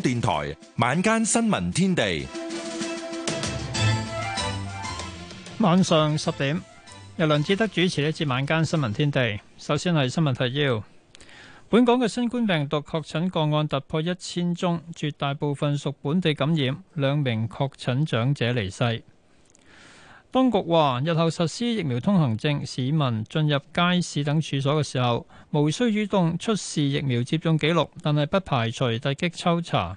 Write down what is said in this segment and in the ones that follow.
電台晚間新聞天地，晚上十點，由梁志德主持呢節晚間新聞天地。首先係新聞提要：本港嘅新冠病毒確診個案突破一千宗，絕大部分屬本地感染，兩名確診長者離世。當局話日後實施疫苗通行證，市民進入街市等處所嘅時候，無需主動出示疫苗接種記錄，但係不排除突擊抽查。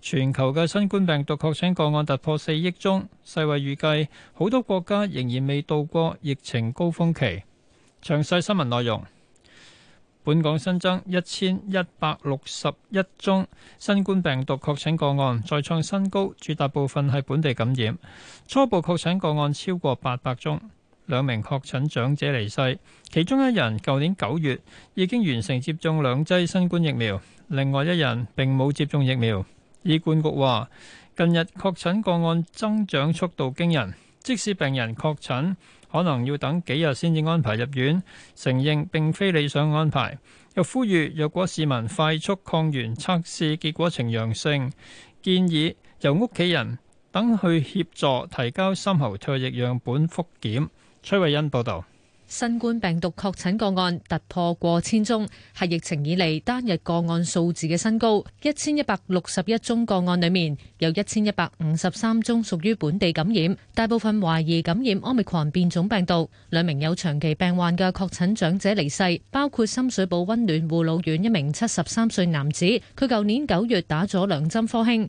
全球嘅新冠病毒確診個案突破四億宗，世衛預計好多國家仍然未度過疫情高峰期。詳細新聞內容。本港新增一千一百六十一宗新冠病毒確診個案，再創新高，絕大部分係本地感染。初步確診個案超過八百宗，兩名確診長者離世，其中一人舊年九月已經完成接種兩劑新冠疫苗，另外一人並冇接種疫苗。醫管局話，近日確診個案增長速度驚人。即使病人確診，可能要等幾日先至安排入院，承認並非理想安排。又呼籲若果市民快速抗原測試結果呈陽性，建議由屋企人等去協助提交深喉唾液樣本複檢，崔慧欣報道。新冠病毒確診個案突破過千宗，係疫情以嚟單日個案數字嘅新高。一千一百六十一宗個案裏面，有一千一百五十三宗屬於本地感染，大部分懷疑感染奧密克戎變種病毒。兩名有長期病患嘅確診長者離世，包括深水埗溫暖護老院一名七十三歲男子，佢舊年九月打咗兩針科興。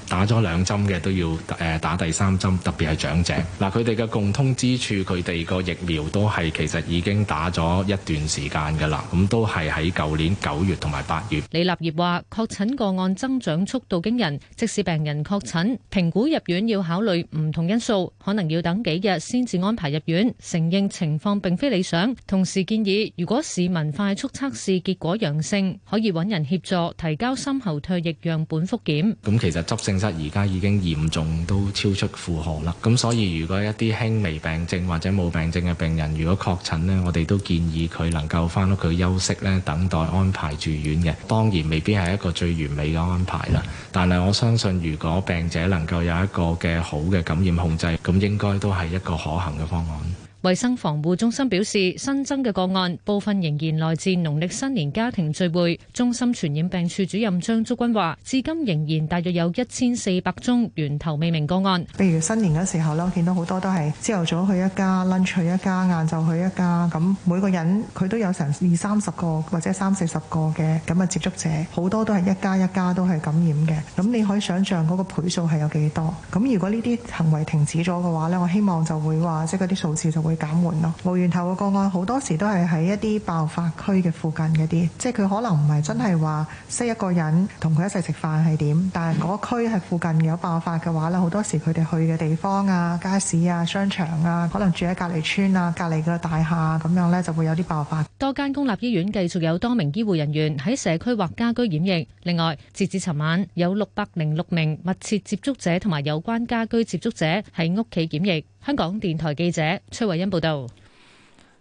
打咗兩針嘅都要誒打第三針，特別係長者嗱，佢哋嘅共通之處，佢哋個疫苗都係其實已經打咗一段時間㗎啦，咁都係喺舊年九月同埋八月。李立業話：確診個案增長速度驚人，即使病人確診，評估入院要考慮唔同因素，可能要等幾日先至安排入院。承認情況並非理想，同時建議如果市民快速測試結果陽性，可以揾人協助提交深喉唾液樣本復檢。咁其實執成。其實而家已經嚴重都超出負荷啦，咁所以如果一啲輕微病症或者冇病症嘅病人，如果確診呢，我哋都建議佢能夠返屋企休息呢，等待安排住院嘅。當然未必係一個最完美嘅安排啦，但係我相信如果病者能夠有一個嘅好嘅感染控制，咁應該都係一個可行嘅方案。衛生防護中心表示，新增嘅個案部分仍然來自農曆新年家庭聚會。中心傳染病處主任張竹君話，至今仍然大約有一千四百宗源頭未明個案。譬如新年嘅時候啦，見到好多都係朝頭早去一家，lunch 去一家，晏晝去一家，咁每個人佢都有成二三十個或者三四十個嘅咁嘅接觸者，好多都係一家一家都係感染嘅。咁你可以想象嗰個倍數係有幾多？咁如果呢啲行為停止咗嘅話咧，我希望就會話即係嗰啲數字就會。減緩咯，無源頭嘅個案好多時都係喺一啲爆發區嘅附近嗰啲，即係佢可能唔係真係話識一個人，同佢一齊食飯係點，但係嗰區係附近有爆發嘅話咧，好多時佢哋去嘅地方啊、街市啊、商場啊，可能住喺隔離村啊、隔離嘅大廈咁樣呢，就會有啲爆發。多間公立醫院繼續有多名醫護人員喺社區或家居檢疫。另外，截至尋晚，有六百零六名密切接觸者同埋有關家居接觸者喺屋企檢疫。香港電台記者崔慧欣報道，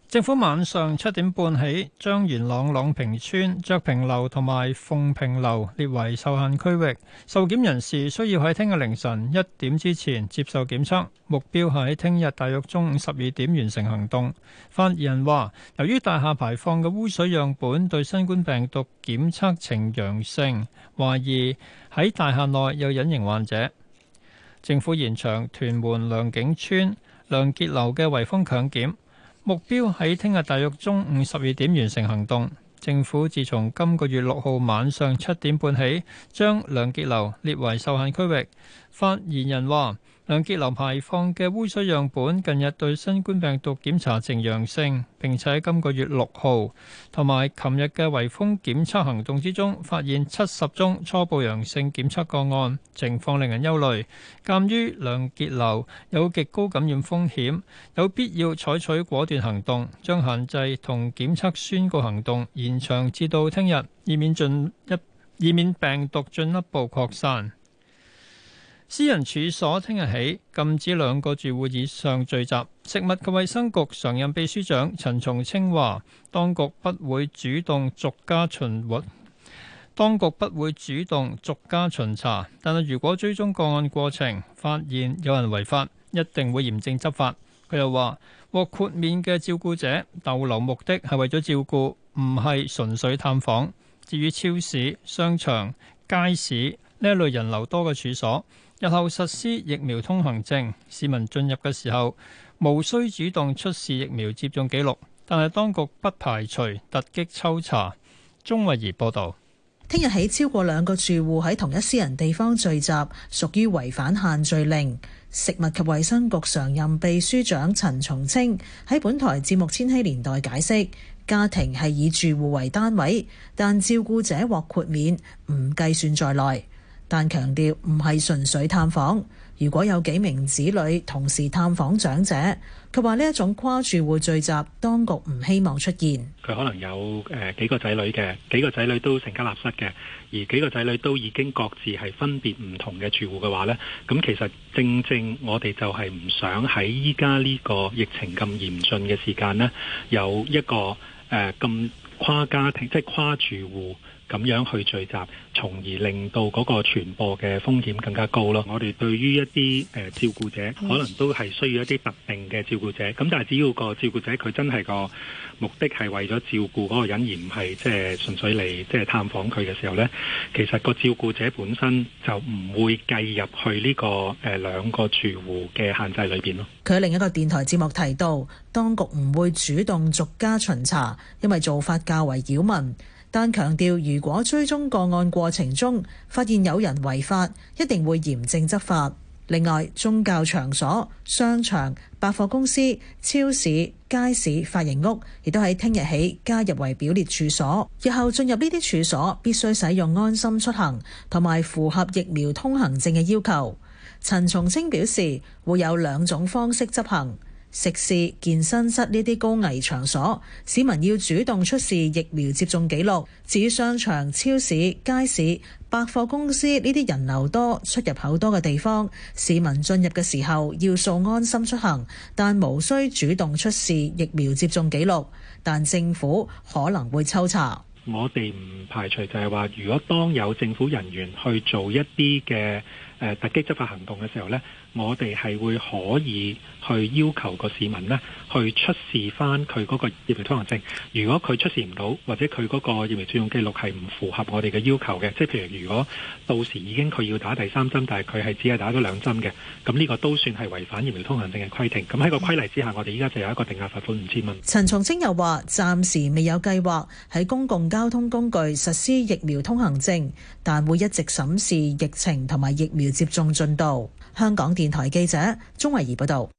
政府晚上七點半起，將元朗朗屏村、卓屏樓同埋鳳屏樓列為受限區域，受檢人士需要喺聽日凌晨一點之前接受檢測，目標喺聽日大約中午十二點完成行動。發言人話，由於大廈排放嘅污水樣本對新冠病毒檢測呈陽性，懷疑喺大廈內有隱形患者。政府延長屯門良景邨良傑樓嘅圍封強檢，目標喺聽日大約中午十二點完成行動。政府自從今個月六號晚上七點半起，將良傑樓列為受限區域。發言人話，梁結流排放嘅污水樣本近日對新冠病毒檢查呈陽性，並且今個月六號同埋琴日嘅圍封檢測行動之中發現七十宗初步陽性檢測個案，情況令人憂慮。鑒於梁結流有極高感染風險，有必要採取果斷行動，將限制同檢測宣告行動延長至到聽日，以免進一以免病毒進一步擴散。私人處所聽日起禁止兩個住戶以上聚集。食物及衛生局常任秘書長陳松青話，當局不會主動逐家巡活，當局不會主動逐家巡查，但係如果追蹤個案過程發現有人違法，一定會嚴正執法。佢又話獲豁免嘅照顧者逗留目的係為咗照顧，唔係純粹探訪。至於超市、商場、街市呢一類人流多嘅處所。日後實施疫苗通行證，市民進入嘅時候無需主動出示疫苗接種記錄，但係當局不排除突擊抽查。鍾慧儀報導，聽日起超過兩個住戶喺同一私人地方聚集，屬於違反限聚令。食物及衛生局常任秘書長陳松青喺本台節目《千禧年代》解釋，家庭係以住戶為單位，但照顧者獲豁免，唔計算在內。但強調唔係純粹探訪。如果有幾名子女同時探訪長者，佢話呢一種跨住戶聚集，當局唔希望出現。佢可能有誒幾個仔女嘅，幾個仔女都成家立室嘅，而幾個仔女都已經各自係分別唔同嘅住戶嘅話呢，咁其實正正我哋就係唔想喺依家呢個疫情咁嚴峻嘅時間，呢有一個誒咁跨家庭即係跨住戶。咁樣去聚集，從而令到嗰個傳播嘅風險更加高咯。 我哋對於一啲誒、呃、照顧者，可能都係需要一啲特定嘅照顧者。咁但係只要個照顧者佢真係個目的係為咗照顧嗰個人，而唔係即係純粹嚟即係探訪佢嘅時候呢，其實個照顧者本身就唔會計入去呢、這個誒、呃、兩個住戶嘅限制裏邊咯。佢喺另一個電台節目提到，當局唔會主動逐家巡查，因為做法較為擾民。但強調，如果追蹤個案過程中發現有人違法，一定會嚴正執法。另外，宗教場所、商場、百貨公司、超市、街市、髮型屋，亦都喺聽日起加入為表列處所。日後進入呢啲處所，必須使用安心出行，同埋符合疫苗通行證嘅要求。陳松青表示，會有兩種方式執行。食肆、健身室呢啲高危場所，市民要主動出示疫苗接種記錄。至於商場、超市、街市、百貨公司呢啲人流多、出入口多嘅地方，市民進入嘅時候要掃安心出行，但無需主動出示疫苗接種記錄。但政府可能會抽查。我哋唔排除就係話，如果當有政府人員去做一啲嘅誒突擊執法行動嘅時候咧。我哋係會可以去要求個市民咧。去出示翻佢嗰個疫苗通行證。如果佢出示唔到，或者佢嗰個疫苗接種記錄係唔符合我哋嘅要求嘅，即係譬如如果到時已經佢要打第三針，但係佢係只係打咗兩針嘅，咁呢個都算係違反疫苗通行證嘅規定。咁喺個規例之下，我哋依家就有一個定額罰款五千蚊。陳松青又話：暫時未有計劃喺公共交通工具實施疫苗通行證，但會一直審視疫情同埋疫苗接種進度。香港電台記者鍾維儀報道。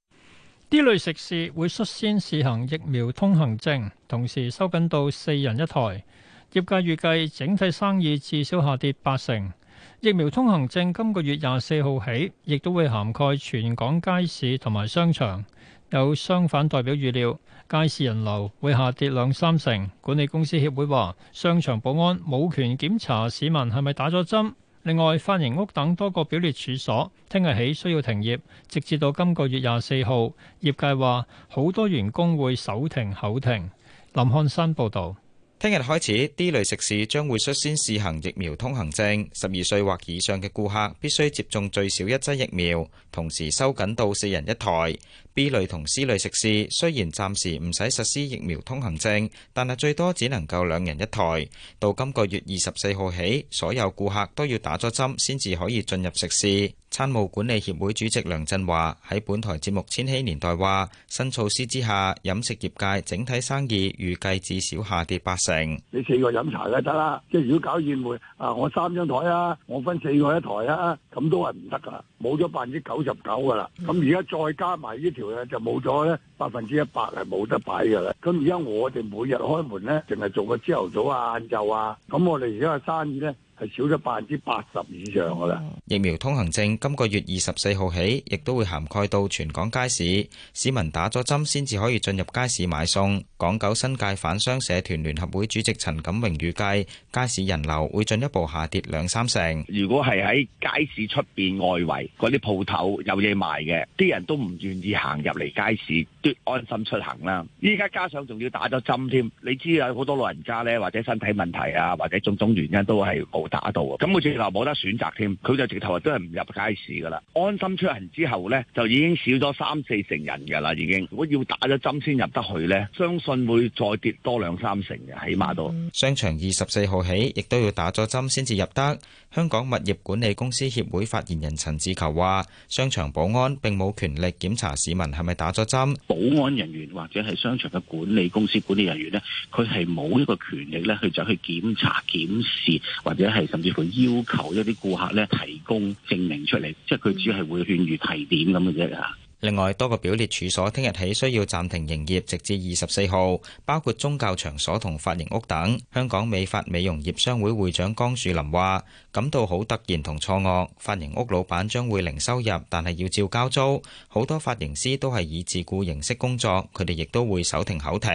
呢類食肆會率先試行疫苗通行證，同時收緊到四人一台。業界預計整體生意至少下跌八成。疫苗通行證今個月廿四號起，亦都會涵蓋全港街市同埋商場。有商販代表預料街市人流會下跌兩三成。管理公司協會話，商場保安冇權檢查市民係咪打咗針。另外，髮型屋等多個表列處所，聽日起需要停業，直至到今個月廿四號。業界話，好多員工會手停口停。林漢山報導。聽日開始，D 類食肆將會率先試行疫苗通行證，十二歲或以上嘅顧客必須接種最少一劑疫苗，同時收緊到四人一台。B 類同 C 類食肆雖然暫時唔使實施疫苗通行證，但係最多只能夠兩人一台。到今個月二十四號起，所有顧客都要打咗針先至可以進入食肆。參務管理協會主席梁振華喺本台節目《千禧年代》話，新措施之下，飲食業界整體生意預計至少下跌八成。你四個飲茶就得啦，即係如果搞宴會啊，我三張台啊，我分四個一台啊，咁都係唔得噶，冇咗百分之九十九噶啦。咁而家再加埋呢條咧，就冇咗咧百分之一百係冇得擺噶啦。咁而家我哋每日開門咧，淨係做個朝頭早啊、晏晝啊，咁我哋而家嘅生意咧。係少咗百分之八十以上㗎喇。疫苗通行證今個月二十四號起，亦都會涵蓋到全港街市。市民打咗針先至可以進入街市買餸。港九新界販商社團聯合會主席陳錦榮預計街市人流會進一步下跌兩三成。如果係喺街市出邊外圍嗰啲鋪頭有嘢賣嘅，啲人都唔願意行入嚟街市，都安心出行啦。依家加上仲要打咗針添，你知啊，好多老人家呢，或者身體問題啊，或者種種原因都係打到啊！咁佢直頭冇得選擇添，佢就直頭話都係唔入街市噶啦。安心出行之後呢，就已經少咗三四成人噶啦，已經。如果要打咗針先入得去呢，相信會再跌多兩三成嘅，起碼都。商場二十四號起，亦都要打咗針先至入得。香港物業管理公司協會發言人陳志球話，商場保安並冇權力檢查市民係咪打咗針。保安人員或者係商場嘅管理公司管理人員咧，佢係冇呢個權力咧去走去檢查、檢視或者係甚至乎要求一啲顧客咧提供證明出嚟，即係佢只係會勸喻提點咁嘅啫吓。另外，多個表列處所聽日起需要暫停營業，直至二十四號，包括宗教場所同髮型屋等。香港美髮美容業商會會長江樹林話：感到好突然同錯愕。髮型屋老闆將會零收入，但係要照交租。好多髮型師都係以自雇形式工作，佢哋亦都會手停口停。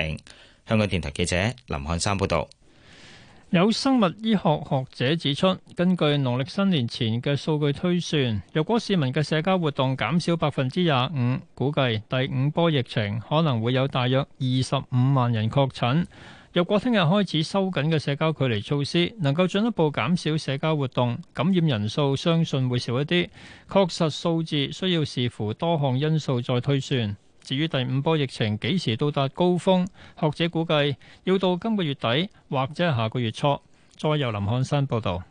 香港電台記者林漢山報導。有生物醫學學者指出，根據農曆新年前嘅數據推算，若果市民嘅社交活動減少百分之廿五，估計第五波疫情可能會有大約二十五萬人確診。若果聽日開始收緊嘅社交距離措施能夠進一步減少社交活動，感染人數相信會少一啲。確實數字需要視乎多項因素再推算。至於第五波疫情幾時到達高峰？學者估計要到今個月底或者下個月初。再由林漢山報道。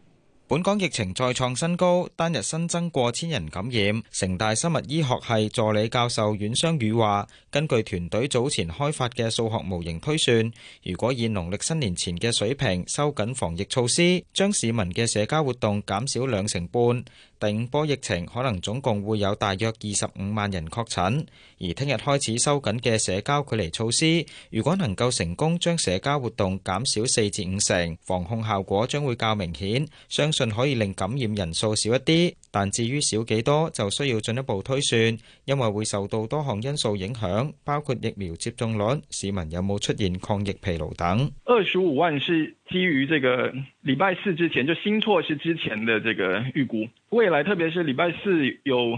本港疫情再創新高，單日新增過千人感染。城大生物醫學系助理教授阮雙宇話，根據團隊早前開發嘅數學模型推算，如果以農曆新年前嘅水平收緊防疫措施，將市民嘅社交活動減少兩成半。第五波疫情可能總共會有大約二十五萬人確診，而聽日開始收緊嘅社交距離措施，如果能夠成功將社交活動減少四至五成，防控效果將會較明顯，相信可以令感染人數少一啲。但至於少幾多，就需要進一步推算，因為會受到多項因素影響，包括疫苗接種率、市民有冇出現抗疫疲勞等。二十五萬是基於這個禮拜四之前就新措施之前的這個預估，未來特別是禮拜四有。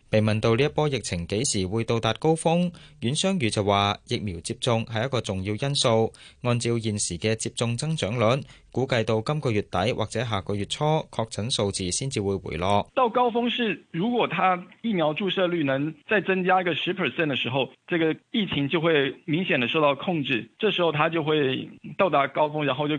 被問到呢一波疫情幾時會到達高峰，阮商宇就話疫苗接種係一個重要因素。按照現時嘅接種增長率，估計到今個月底或者下個月初，確診數字先至會回落。到高峰是如果他疫苗注射率能再增加一個十 percent 嘅時候，這個疫情就會明顯的受到控制。這時候他就會到達高峰，然後就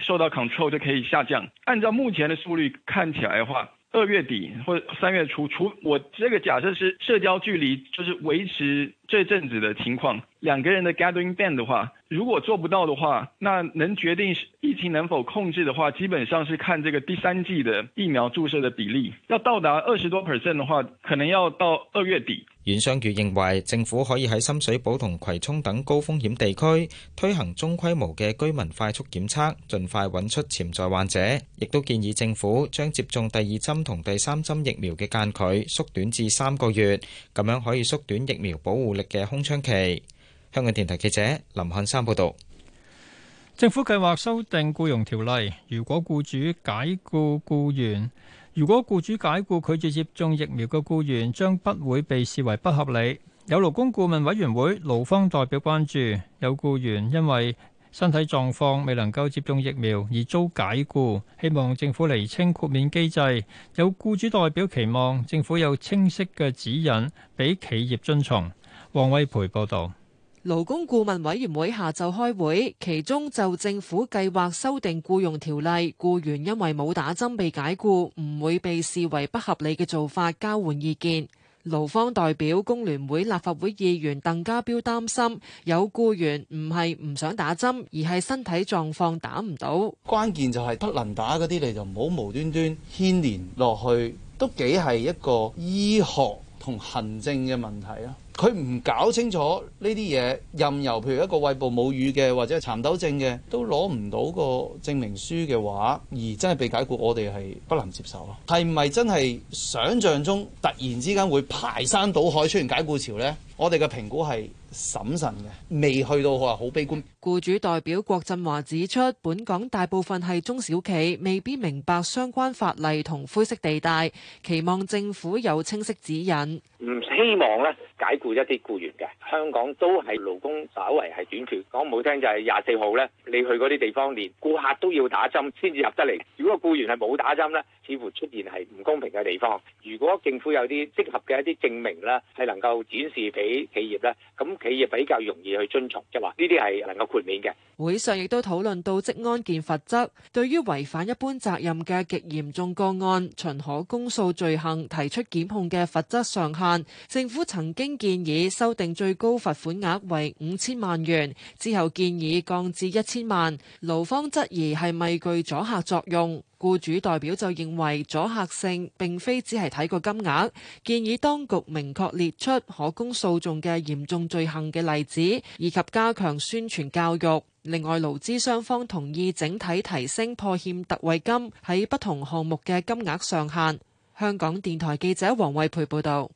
受到 control 就可以下降。按照目前的速率看起來的話。二月底或者三月初，除我這個假設是社交距離，就是維持這陣子的情況，兩個人的 gathering ban 的話。如果做不到的話，那能決定疫情能否控制的話，基本上是看這個第三劑的疫苗注射的比例，要到達二十多 percent 的話，可能要到二月底。袁尚如認為政府可以喺深水埗同葵涌等高風險地區推行中規模嘅居民快速檢測，盡快揾出潛在患者，亦都建議政府將接種第二針同第三針疫苗嘅間距縮短至三個月，咁樣可以縮短疫苗保護力嘅空窗期。香港電台記者林漢山報道，政府計劃修訂雇傭條例。如果雇主解雇雇員，如果雇主解雇拒絕接種疫苗嘅雇員，將不會被視為不合理。有勞工顧問委員會勞方代表關注，有雇員因為身體狀況未能夠接種疫苗而遭解雇，希望政府厘清豁免機制。有雇主代表期望政府有清晰嘅指引俾企業遵從。王偉培報道。勞工顧問委員會下晝開會，其中就政府計劃修訂僱傭條例，僱員因為冇打針被解僱，唔會被視為不合理嘅做法交換意見。勞方代表工聯會立法會議員鄧家彪擔心，有僱員唔係唔想打針，而係身體狀況打唔到。關鍵就係不能打嗰啲，你就唔好無端端牽連落去，都幾係一個醫學同行政嘅問題啦。佢唔搞清楚呢啲嘢，任由譬如一個胃部母乳嘅，或者係蠶豆症嘅，都攞唔到個證明書嘅話，而真係被解僱，我哋係不能接受咯。係唔係真係想象中突然之間會排山倒海出現解僱潮咧？我哋嘅評估係審慎嘅，未去到話好悲觀。僱主代表郭振華指出，本港大部分係中小企，未必明白相關法例同灰色地帶，期望政府有清晰指引。唔希望咧解。雇一啲雇員嘅，香港都係勞工稍為係短缺，講唔好聽就係廿四號咧，你去嗰啲地方連顧客都要打針先至入得嚟。如果雇員係冇打針咧，似乎出現係唔公平嘅地方。如果政府有啲適合嘅一啲證明咧，係能夠展示俾企業咧，咁企業比較容易去遵從，即係話呢啲係能夠豁免嘅。會上亦都討論到職安健法則，對於違反一般責任嘅極嚴重個案，循可公訴罪行提出檢控嘅罰則上限，政府曾經見。建議修訂最高罰款額為五千萬元，之後建議降至一千萬。勞方質疑係咪具阻嚇作用？僱主代表就認為阻嚇性並非只係睇個金額，建議當局明確列出可供訴訟嘅嚴重罪行嘅例子，以及加強宣傳教育。另外，勞資雙方同意整體提升破欠特惠金喺不同項目嘅金額上限。香港電台記者黃惠培報道。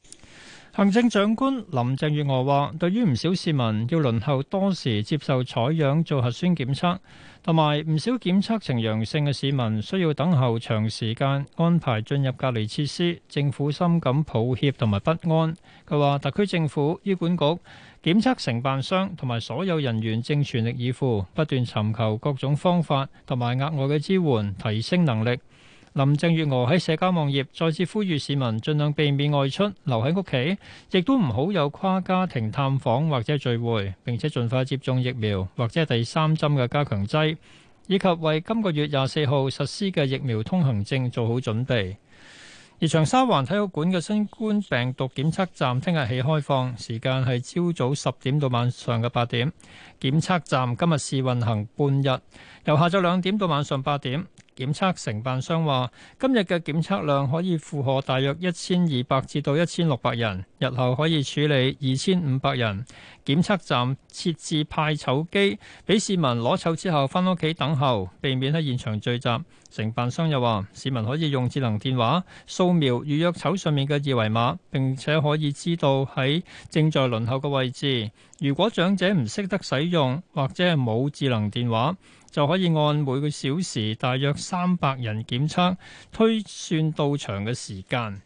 行政長官林鄭月娥話：對於唔少市民要輪候多時接受採樣做核酸檢測，同埋唔少檢測呈陽性嘅市民需要等候長時間安排進入隔離設施，政府深感抱歉同埋不安。佢話：特區政府、醫管局、檢測承辦商同埋所有人員正全力以赴，不斷尋求各種方法同埋額外嘅支援，提升能力。林鄭月娥喺社交網頁再次呼籲市民盡量避免外出，留喺屋企，亦都唔好有跨家庭探訪或者聚會，並且盡快接種疫苗或者第三針嘅加強劑，以及為今個月廿四號實施嘅疫苗通行證做好準備。而長沙灣體育館嘅新冠病毒檢測站聽日起開放，時間係朝早十點到晚上嘅八點。檢測站今日試運行半日，由下晝兩點到晚上八點。檢測承辦商話：今日嘅檢測量可以負荷大約一千二百至到一千六百人，日後可以處理二千五百人。檢測站設置派籌機，俾市民攞籌之後返屋企等候，避免喺現場聚集。承辦商又話：市民可以用智能電話掃描預約籌上面嘅二維碼，並且可以知道喺正在輪候嘅位置。如果長者唔識得使用或者係冇智能電話，就可以按每個小時大約三百人檢測推算到場嘅時間。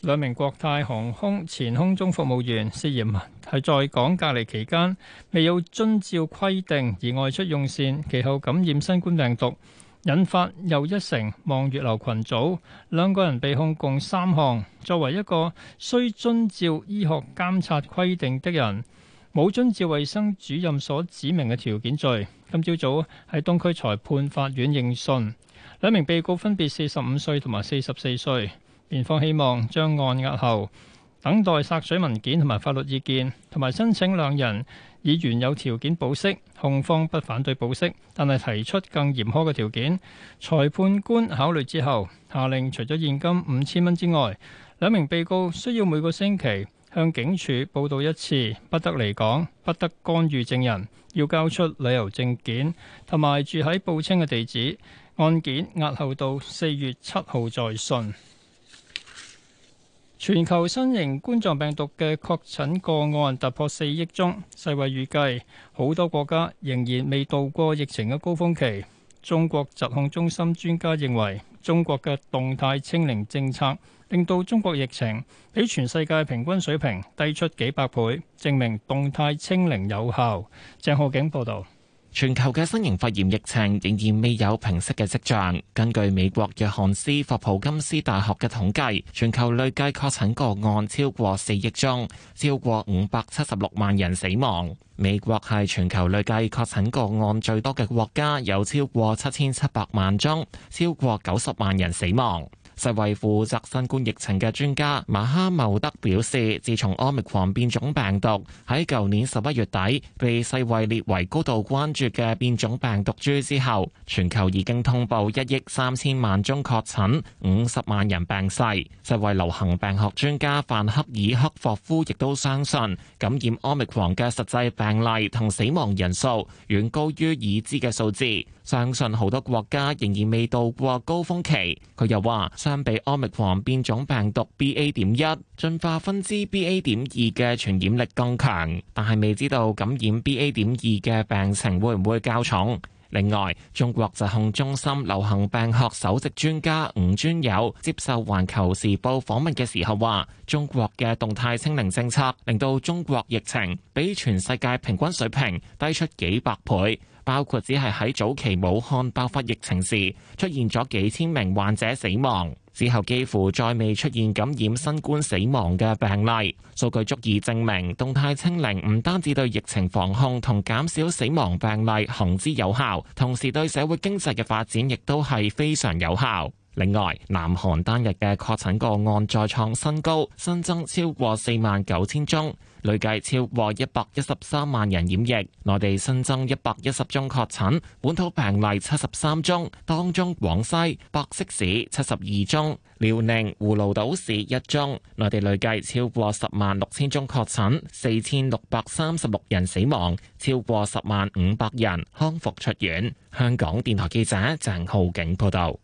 兩名國泰航空前空中服務員涉嫌係在港隔離期間未有遵照規定而外出用膳其後感染新冠病毒，引發又一城望月樓群組兩個人被控共三項作為一個需遵照醫學監察規定的人。冇遵照衞生主任所指明嘅條件罪，今朝早喺東區裁判法院應訊，兩名被告分別四十五歲同埋四十四歲，辯方希望將案押後，等待殺水文件同埋法律意見，同埋申請兩人以原有條件保釋，控方不反對保釋，但係提出更嚴苛嘅條件。裁判官考慮之後，下令除咗現金五千蚊之外，兩名被告需要每個星期向警署報到一次，不得離港，不得干預證人，要交出旅遊證件，同埋住喺報稱嘅地址。案件押後到四月七號再訊。全球新型冠狀病毒嘅確診個案突破四億宗，世衞預計好多國家仍然未渡過疫情嘅高峰期。中國疾控中心專家認為，中國嘅動態清零政策，令到中國疫情比全世界平均水平低出幾百倍，證明動態清零有效。鄭浩景報導，全球嘅新型肺炎疫情仍然未有平息嘅跡象。根據美國約翰斯霍普金斯大學嘅統計，全球累計確診個案超過四億宗，超過五百七十六萬人死亡。美國係全球累計確診個案最多嘅國家，有超過七千七百萬宗，超過九十萬人死亡。世衛負責新冠疫情嘅專家馬哈茂德表示，自從 Omicron 變種病毒喺舊年十一月底被世衛列為高度關注嘅變種病毒株之後，全球已經通報一億三千萬宗確診，五十萬人病逝。世衛流行病學專家范克爾克霍夫亦都相信，感染 Omicron 嘅實際病例同死亡人數遠高於已知嘅數字。相信好多國家仍然未到過高峰期。佢又話：相比奧密克戎變種病毒 BA 點一，進化分支 BA 點二嘅傳染力更強，但係未知道感染 BA 點二嘅病情會唔會較重。另外，中國疾控中心流行病學首席專家吳尊友接受《環球時報》訪問嘅時候話：中國嘅動態清零政策令到中國疫情比全世界平均水平低出幾百倍。包括只係喺早期武漢爆發疫情時出現咗幾千名患者死亡，之後幾乎再未出現感染新冠死亡嘅病例。數據足以證明，動態清零唔單止對疫情防控同減少死亡病例行之有效，同時對社會經濟嘅發展亦都係非常有效。另外，南韓單日嘅確診個案再創新高，新增超過四萬九千宗。累計超過一百一十三萬人染疫，內地新增一百一十宗確診，本土病例七十三宗，當中廣西百色市七十二宗，遼寧葫蘆島市一宗。內地累計超過十萬六千宗確診，四千六百三十六人死亡，超過十萬五百人康復出院。香港電台記者鄭浩景報道。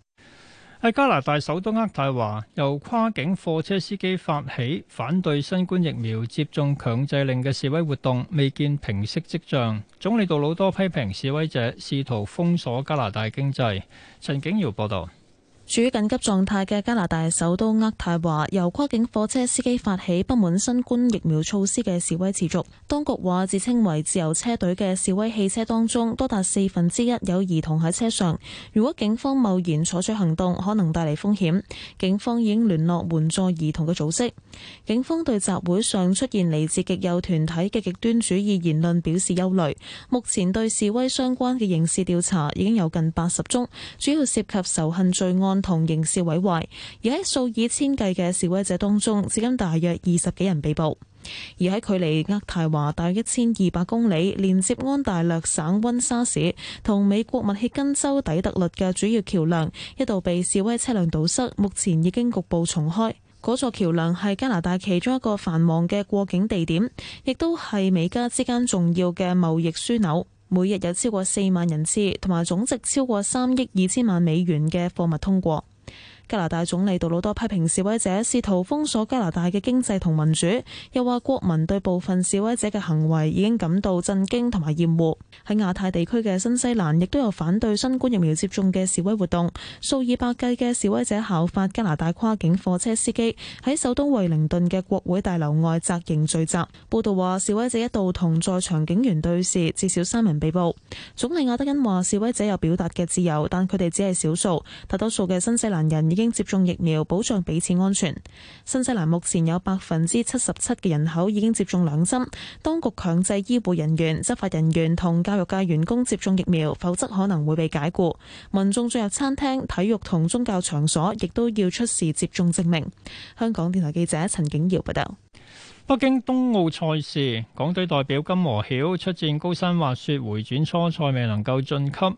喺加拿大首都渥太華，由跨境貨車司機發起反對新冠疫苗接種強制令嘅示威活動，未見平息跡象。總理杜魯多批評示威者試圖封鎖加拿大經濟，陳景瑤報道。處於緊急狀態嘅加拿大首都渥太華，由跨境貨車司機發起不滿新冠疫苗措施嘅示威持續。當局話，自稱為自由車隊嘅示威汽車當中，多達四分之一有兒童喺車上。如果警方貿然採取行動，可能帶嚟風險。警方已聯絡援助兒童嘅組織。警方對集會上出現嚟自極右團體嘅極端主義言論表示憂慮。目前對示威相關嘅刑事調查已經有近八十宗，主要涉及仇恨罪案。同刑事毀壞，而喺數以千計嘅示威者當中，至今大約二十幾人被捕。而喺距離渥太華大約一千二百公里，連接安大略省溫莎市同美國密歇根州底特律嘅主要橋樑，一度被示威車輛堵塞，目前已經局部重開。嗰座橋樑係加拿大其中一個繁忙嘅過境地點，亦都係美加之間重要嘅貿易樞紐。每日有超過四萬人次，同埋總值超過三億二千萬美元嘅貨物通過。加拿大總理杜魯多批評示威者試圖封鎖加拿大嘅經濟同民主，又話國民對部分示威者嘅行為已經感到震驚同埋厭惡。喺亞太地區嘅新西蘭，亦都有反對新冠疫苗接種嘅示威活動，數以百計嘅示威者效法加拿大跨境貨車司機，喺首都惠靈頓嘅國會大樓外紮營聚集。報道話示威者一度同在場警員對峙，至少三人被捕。總理亞德恩話示威者有表達嘅自由，但佢哋只係少數，大多數嘅新西蘭人已經，應接種疫苗保障彼此安全。新西蘭目前有百分之七十七嘅人口已經接種兩針，當局強制醫護人員、執法人員同教育界員工接種疫苗，否則可能會被解僱。民眾進入餐廳、體育同宗教場所，亦都要出示接種證明。香港電台記者陳景瑤報道。拜拜北京冬奧賽事，港隊代表金和曉出戰高山，高山滑雪回轉初賽，未能夠晉級。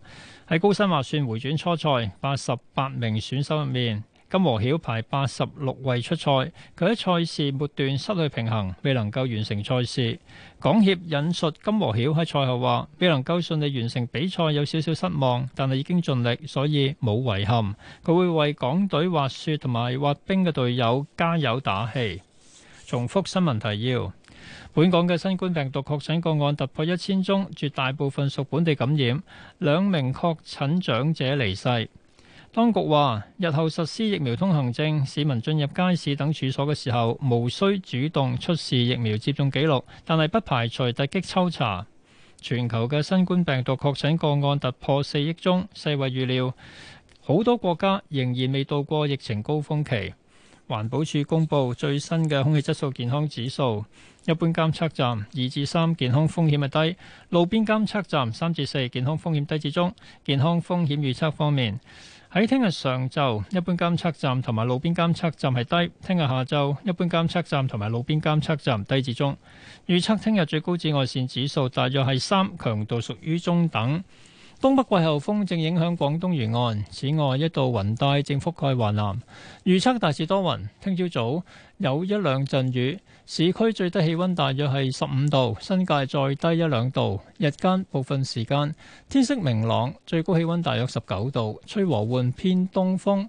喺高山滑雪回轉初賽，八十八名選手入面，金和曉排八十六位出賽。佢喺賽事末段失去平衡，未能夠完成賽事。港協引述金和曉喺賽後話，未能夠順利完成比賽有少少失望，但係已經盡力，所以冇遺憾。佢會為港隊滑雪同埋滑冰嘅隊友加油打氣。重複新聞提要：本港嘅新冠病毒確診個案突破一千宗，絕大部分屬本地感染，兩名確診長者離世。當局話，日後實施疫苗通行證，市民進入街市等處所嘅時候，無需主動出示疫苗接種記錄，但係不排除突擊抽查。全球嘅新冠病毒確診個案突破四億宗，世衞預料，好多國家仍然未到過疫情高峰期。環保署公布最新嘅空氣質素健康指數，一般監測站二至三健康風險係低，路邊監測站三至四健康風險低至中。健康風險預測方面，喺聽日上晝一般監測站同埋路邊監測站係低，聽日下晝一般監測站同埋路邊監測站低至中。預測聽日最高紫外線指數大約係三，強度屬於中等。東北季候風正影響廣東沿岸，此外一道雲帶正覆蓋華南。預測大致多雲，聽朝早，早有一兩陣雨。市區最低氣溫大約係十五度，新界再低一兩度。日間部分時間天色明朗，最高氣溫大約十九度，吹和緩偏東風。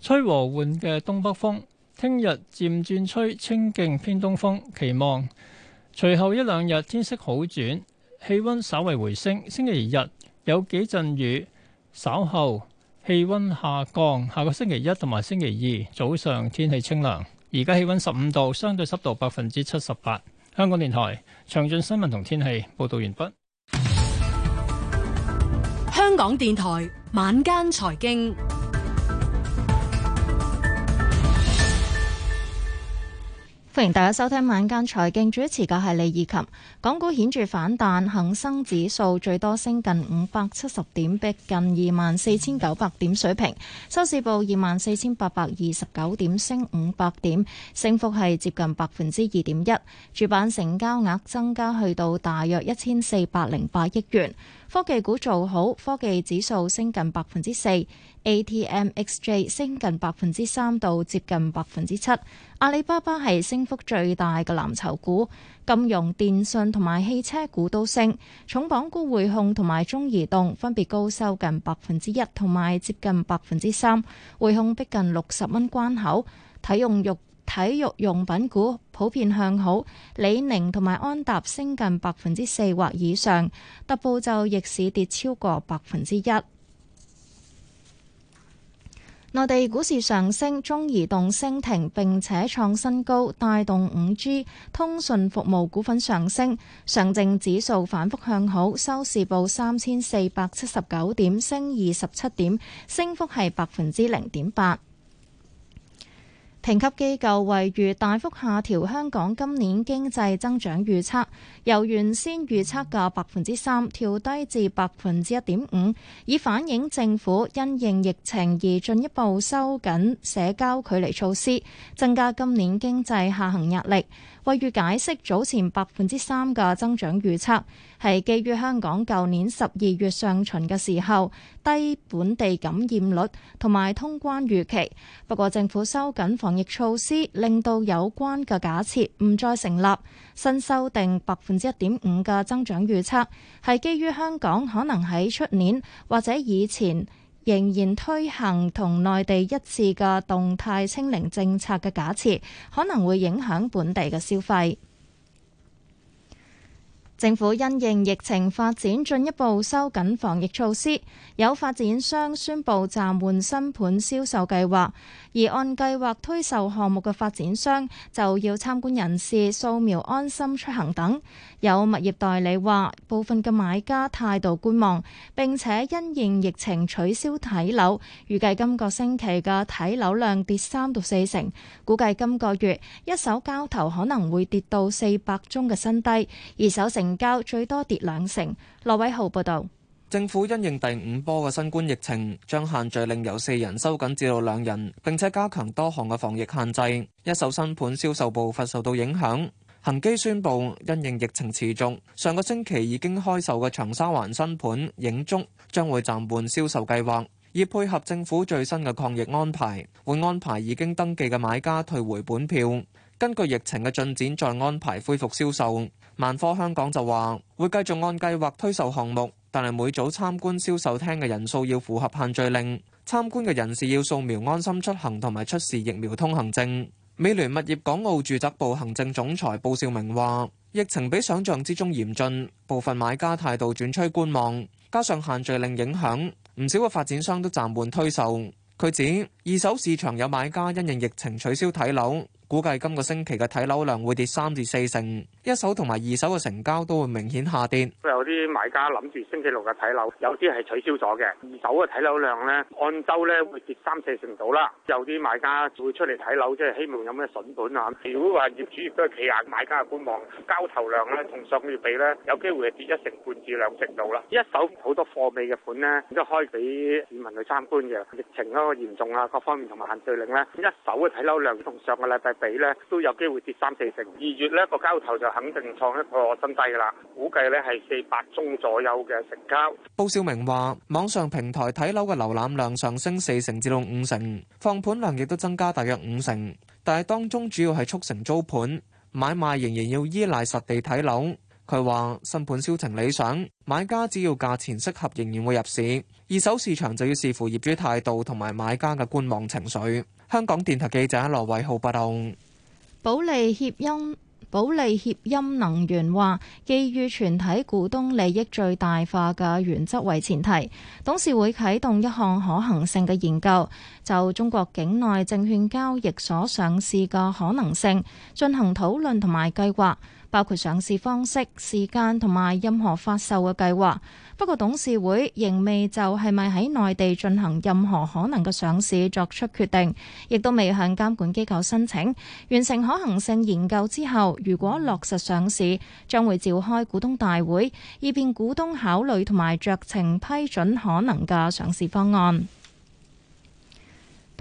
吹和緩嘅東北風，聽日漸轉吹清勁偏東風。期望隨後一兩日天色好轉，氣溫稍為回升。星期二日，有幾陣雨，稍後氣溫下降。下個星期一同埋星期二早上天氣清涼。而家氣溫十五度，相對濕度百分之七十八。香港電台詳盡新聞同天氣報道完畢。香港電台晚間財經。歡迎大家收聽晚間財經，主持嘅係李綺琴，港股顯著反彈，恒生指數最多升近五百七十點，逼近二萬四千九百點水平，收市報二萬四千八百二十九點，升五百點，升幅係接近百分之二點一。主板成交額增加去到大約一千四百零八億元，科技股做好，科技指數升近百分之四。A.T.M.X.J 升近百分之三到接近百分之七，阿里巴巴係升幅最大嘅藍籌股，金融、電信同埋汽車股都升，重磅股匯控同埋中移動分別高收近百分之一同埋接近百分之三，匯控逼近六十蚊關口。體育用體育用品股普遍向好，李寧同埋安踏升近百分之四或以上，特步就逆市跌超過百分之一。內地股市上升，中移動升停並且創新高，帶動 5G 通訊服務股份上升。上證指數反覆向好，收市報三千四百七十九點，升二十七點，升幅係百分之零點八。評級機構惠譽大幅下調香港今年經濟增長預測，由原先預測嘅百分之三調低至百分之一點五，以反映政府因應疫情而進一步收緊社交距離措施，增加今年經濟下行壓力。為於解釋早前百分之三嘅增長預測係基於香港舊年十二月上旬嘅時候低本地感染率同埋通關預期，不過政府收緊防疫措施，令到有關嘅假設唔再成立。新修訂百分之一點五嘅增長預測係基於香港可能喺出年或者以前仍然推行同內地一致嘅動態清零政策嘅假設，可能會影響本地嘅消費。政府因應疫情發展，進一步收緊防疫措施，有發展商宣佈暫緩新盤銷售計劃，而按計劃推售項目嘅發展商就要參觀人士掃描安心出行等。有物業代理話，部分嘅買家態度觀望，並且因應疫情取消睇樓，預計今個星期嘅睇樓量跌三到四成，估計今個月一手交投可能會跌到四百宗嘅新低，二手成成交最多跌兩成。羅偉浩報道，政府因應第五波嘅新冠疫情，將限聚令由四人收緊至到兩人，並且加強多項嘅防疫限制。一手新盤銷售步伐受到影響。恒基宣布，因應疫情持續，上個星期已經開售嘅長沙灣新盤映築，將會暫緩銷售計劃，以配合政府最新嘅抗疫安排。會安排已經登記嘅買家退回本票，根據疫情嘅進展再安排恢復銷售。萬科香港就話會繼續按計劃推售項目，但係每組參觀銷售廳嘅人數要符合限聚令，參觀嘅人士要掃描安心出行同埋出示疫苗通行證。美聯物業港澳住宅部行政總裁布少明話，疫情比想象之中嚴峻，部分買家態度轉趨觀望，加上限聚令影響，唔少嘅發展商都暫緩推售。佢指二手市場有買家因應疫情取消睇樓，估計今個星期嘅睇樓量會跌三至四成。一手同埋二手嘅成交都會明顯下跌。都有啲買家諗住星期六嘅睇樓，有啲係取消咗嘅。二手嘅睇樓量咧，按周咧會跌三四成度啦。有啲買家就會出嚟睇樓，即係希望有咩筍盤啊。如果話業主亦都係企硬，買家係觀望，交投量咧同上個月比咧，有機會係跌一成半至兩成度啦。一手好多貨尾嘅款咧，都開俾市民去參觀嘅。疫情嗰個嚴重啊，各方面同埋限聚令咧，一手嘅睇樓量同上個禮拜比咧，都有機會跌三四成。二月呢個交投就是，肯定創一個新低啦，估計呢係四百宗左右嘅成交。報少明話，網上平台睇樓嘅瀏覽量上升四成至到五成，放盤量亦都增加大約五成，但係當中主要係促成租盤，買賣仍然要依賴實地睇樓。佢話新盤銷情理想，買家只要價錢適合，仍然會入市。二手市場就要視乎業主態度同埋買家嘅觀望情緒。香港電台記者羅偉浩報道。保利協鑫。保利協鑫能源話，基於全體股東利益最大化嘅原則為前提，董事會啟動一項可行性嘅研究，就中國境內證券交易所上市嘅可能性進行討論同埋計劃。包括上市方式、時間同埋任何發售嘅計劃。不過董事會仍未就係咪喺內地進行任何可能嘅上市作出決定，亦都未向監管機構申請完成可行性研究之後，如果落實上市，將會召開股東大會，以便股東考慮同埋酌情批准可能嘅上市方案。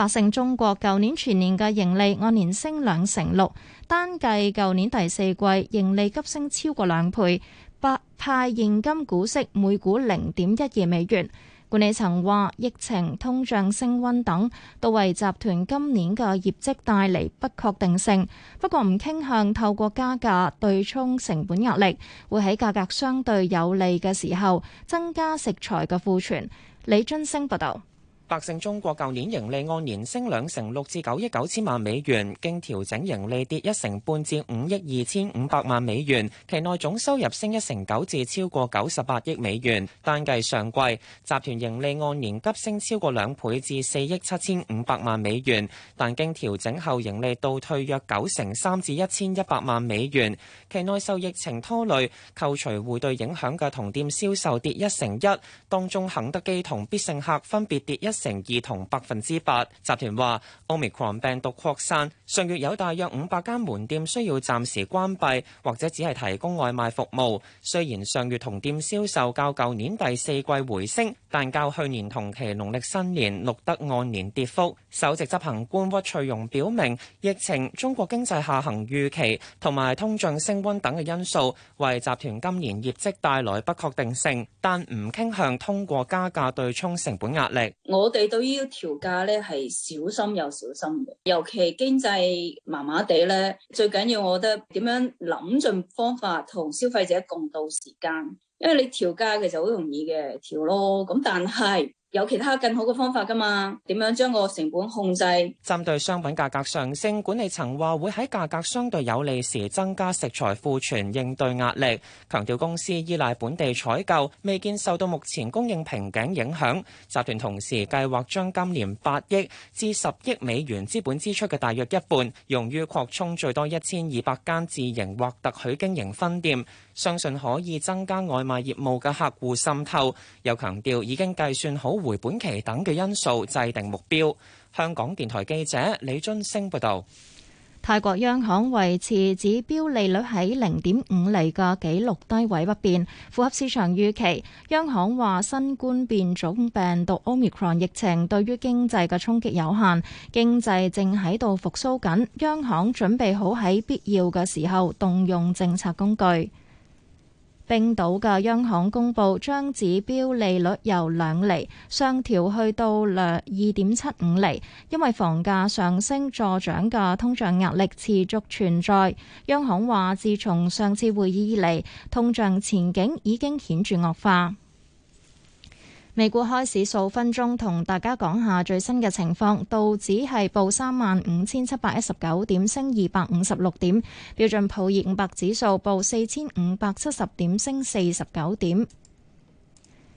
百勝中國舊年全年嘅盈利按年升兩成六，單計舊年第四季盈利急升超過兩倍八，派現金股息每股零點一二美元。管理層話，疫情、通脹升溫等都為集團今年嘅業績帶嚟不確定性，不過唔傾向透過加價對沖成本壓力，會喺價格相對有利嘅時候增加食材嘅庫存。李津升報道。百勝中國舊年盈利按年升兩成六，至九億九千萬美元，經調整盈利跌一成半，至五億二千五百萬美元。期內總收入升一成九，至超過九十八億美元。單計上季，集團盈利按年急升超過兩倍，至四億七千五百萬美元，但經調整後盈利倒退約九成三，至一千一百萬美元。期內受疫情拖累，扣除匯兌影響嘅同店銷售跌一成一，當中肯德基同必勝客分別跌一。成二同百分之八，集團話 omicron 病毒擴散，上月有大約五百間門店需要暫時關閉或者只係提供外賣服務，雖然上月同店銷售較舊年第四季回升，但較去年同期農曆新年錄得按年跌幅。首席執行官屈翠容表明，疫情、中國經濟下行預期同埋通脹升温等嘅因素，為集團今年業績帶來不確定性，但唔傾向通過加價對沖成本壓力。我我哋對於調價咧係小心又小心嘅，尤其經濟麻麻地咧，最緊要我覺得點樣諗盡方法同消費者共度時間，因為你調價其實好容易嘅調咯，咁但係。有其他更好嘅方法噶嘛？點樣將個成本控制？針對商品價格上升，管理層話會喺價格相對有利時增加食材庫存應對壓力。強調公司依賴本地採購，未見受到目前供應瓶頸影響，集團同時計劃將今年八億至十億美元資本支出嘅大約一半，用於擴充最多一千二百間自營或特許經營分店。相信可以增加外賣業務嘅客戶滲透，又強調已經計算好回本期等嘅因素，制定目標。香港電台記者李津升報導。泰國央行維持指標利率喺零點五厘嘅紀錄低位不變，符合市場預期。央行話，新冠變種病毒 Omicron 疫情對於經濟嘅衝擊有限，經濟正喺度復甦緊。央行準備好喺必要嘅時候動用政策工具。冰島嘅央行公布，將指標利率由兩厘上調去到兩二點七五厘，因為房價上升助長嘅通脹壓力持續存在。央行話，自從上次會議以嚟，通脹前景已經顯著惡化。美股開市數分鐘，同大家講下最新嘅情況。道指係報三萬五千七百一十九點，升二百五十六點。標準普爾五百指數報四千五百七十點，升四十九點。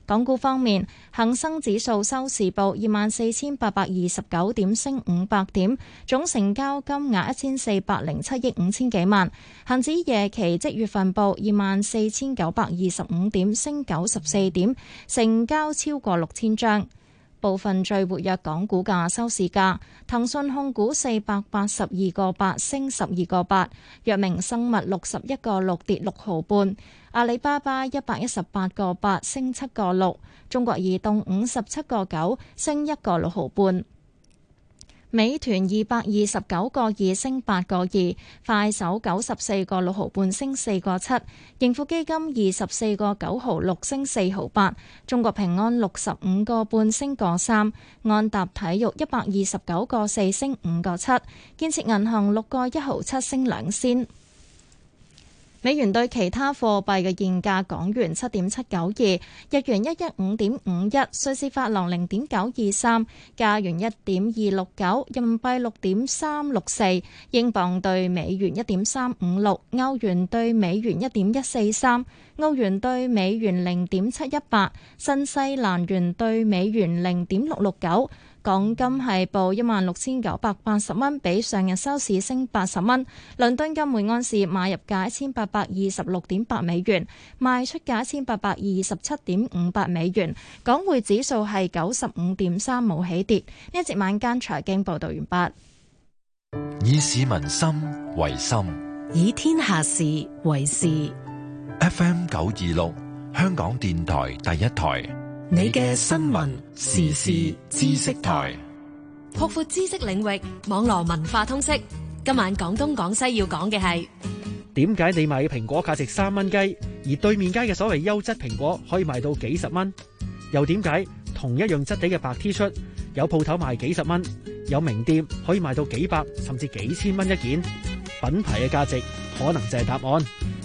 港股方面，恒生指數收市報二萬四千八百二十九點，升五百點，總成交金額一千四百零七億五千幾萬。恒指夜期即月份報二萬四千九百二十五點，升九十四點，成交超過六千張。部分最活躍港股價收市價：騰訊控股四百八十二個八，升十二個八；藥明生物六十一個六，跌六毫半；阿里巴巴一百一十八個八，升七個六；中國移動五十七個九，升一個六毫半。美團二百二十九個二，升八個二，快手九十四個六毫半，升四個七，盈富基金二十四個九毫六，升四毫八，中國平安六十五個半，升過三，安踏體育一百二十九個四，升五個七，建設銀行六個一毫七，升兩仙。美元兌其他貨幣嘅現價：港元七點七九二，日元一一五點五一，瑞士法郎零點九二三，加元一點二六九，人民幣六點三六四，英鎊對美元一點三五六，歐元對美元一點一四三，澳元對美元零點七一八，新西蘭元對美元零點六六九。港金係報一萬六千九百八十蚊，比上日收市升八十蚊。倫敦金每安士買入價一千八百二十六點八美元，賣出價一千八百二十七點五八美元。港匯指數係九十五點三冇起跌。呢一節晚間財經報道完畢。以市民心為心，以天下事為事。F M 九二六，香港電台第一台。你嘅新聞時事知識台，擴闊知識領域，網絡文化通識。今晚廣東廣西要講嘅係，點解你買嘅蘋果價值三蚊雞，而對面街嘅所謂優質蘋果可以賣到幾十蚊？又點解同一樣質地嘅白 T 恤，有鋪頭賣幾十蚊，有名店可以賣到幾百甚至幾千蚊一件？品牌嘅價值可能就係答案。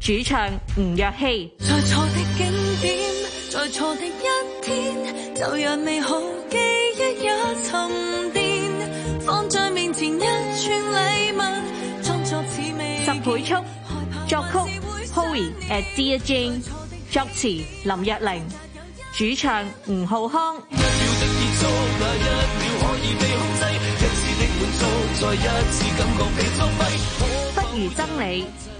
主唱吳若希，十倍速作曲 Hoey at DJ，作詞林若寧，主唱吳浩康，不如憎你。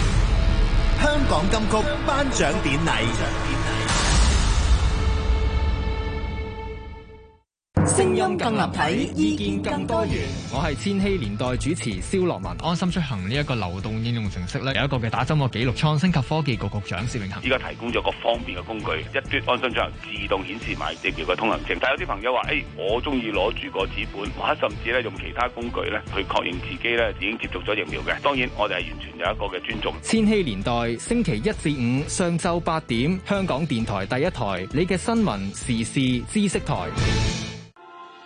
香港金曲頒獎典禮。聲音更立體，意見更多元。我係千禧年代主持蕭樂文。安心出行呢一，這個流動應用程式咧，有一個嘅打針嘅記錄，創新及科技局局長薛永恒依家提供咗一個方便嘅工具，一端安心出行自動顯示埋疫苗嘅通行證。但有啲朋友話，誒、哎，我中意攞住個紙本，或者甚至咧用其他工具咧去確認自己咧已經接種咗疫苗嘅。當然，我哋係完全有一個嘅尊重。千禧年代星期一至五上晝八點，香港電台第一台你嘅新聞時事知識台。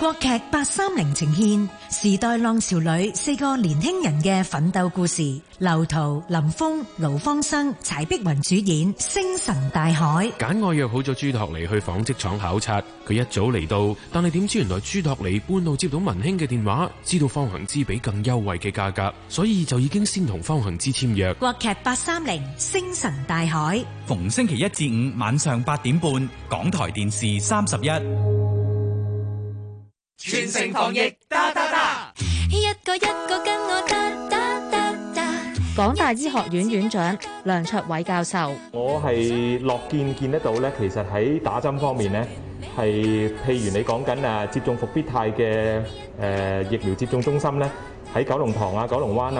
國劇八三零呈現時代浪潮裏四個年輕人嘅奮鬥故事，劉濤、林峯、盧芳生、柴碧雲主演《星辰大海》。簡愛約好咗朱托尼去紡織廠考察，佢一早嚟到，但係點知原來朱托尼半路接到文興嘅電話，知道方行之畀更優惠嘅價格，所以就已經先同方行之簽約。國劇八三零《星辰大海》，逢星期一至五晚上八點半，港台電視三十一。全城防疫，噠噠噠！一個一個跟我噠噠噠噠。港大醫學院院長梁卓偉教授，我係樂見見得到咧，其實喺打針方面咧，係譬如你講緊啊接種復必泰嘅，誒疫苗接種中心咧，喺九龍塘啊，九龍灣。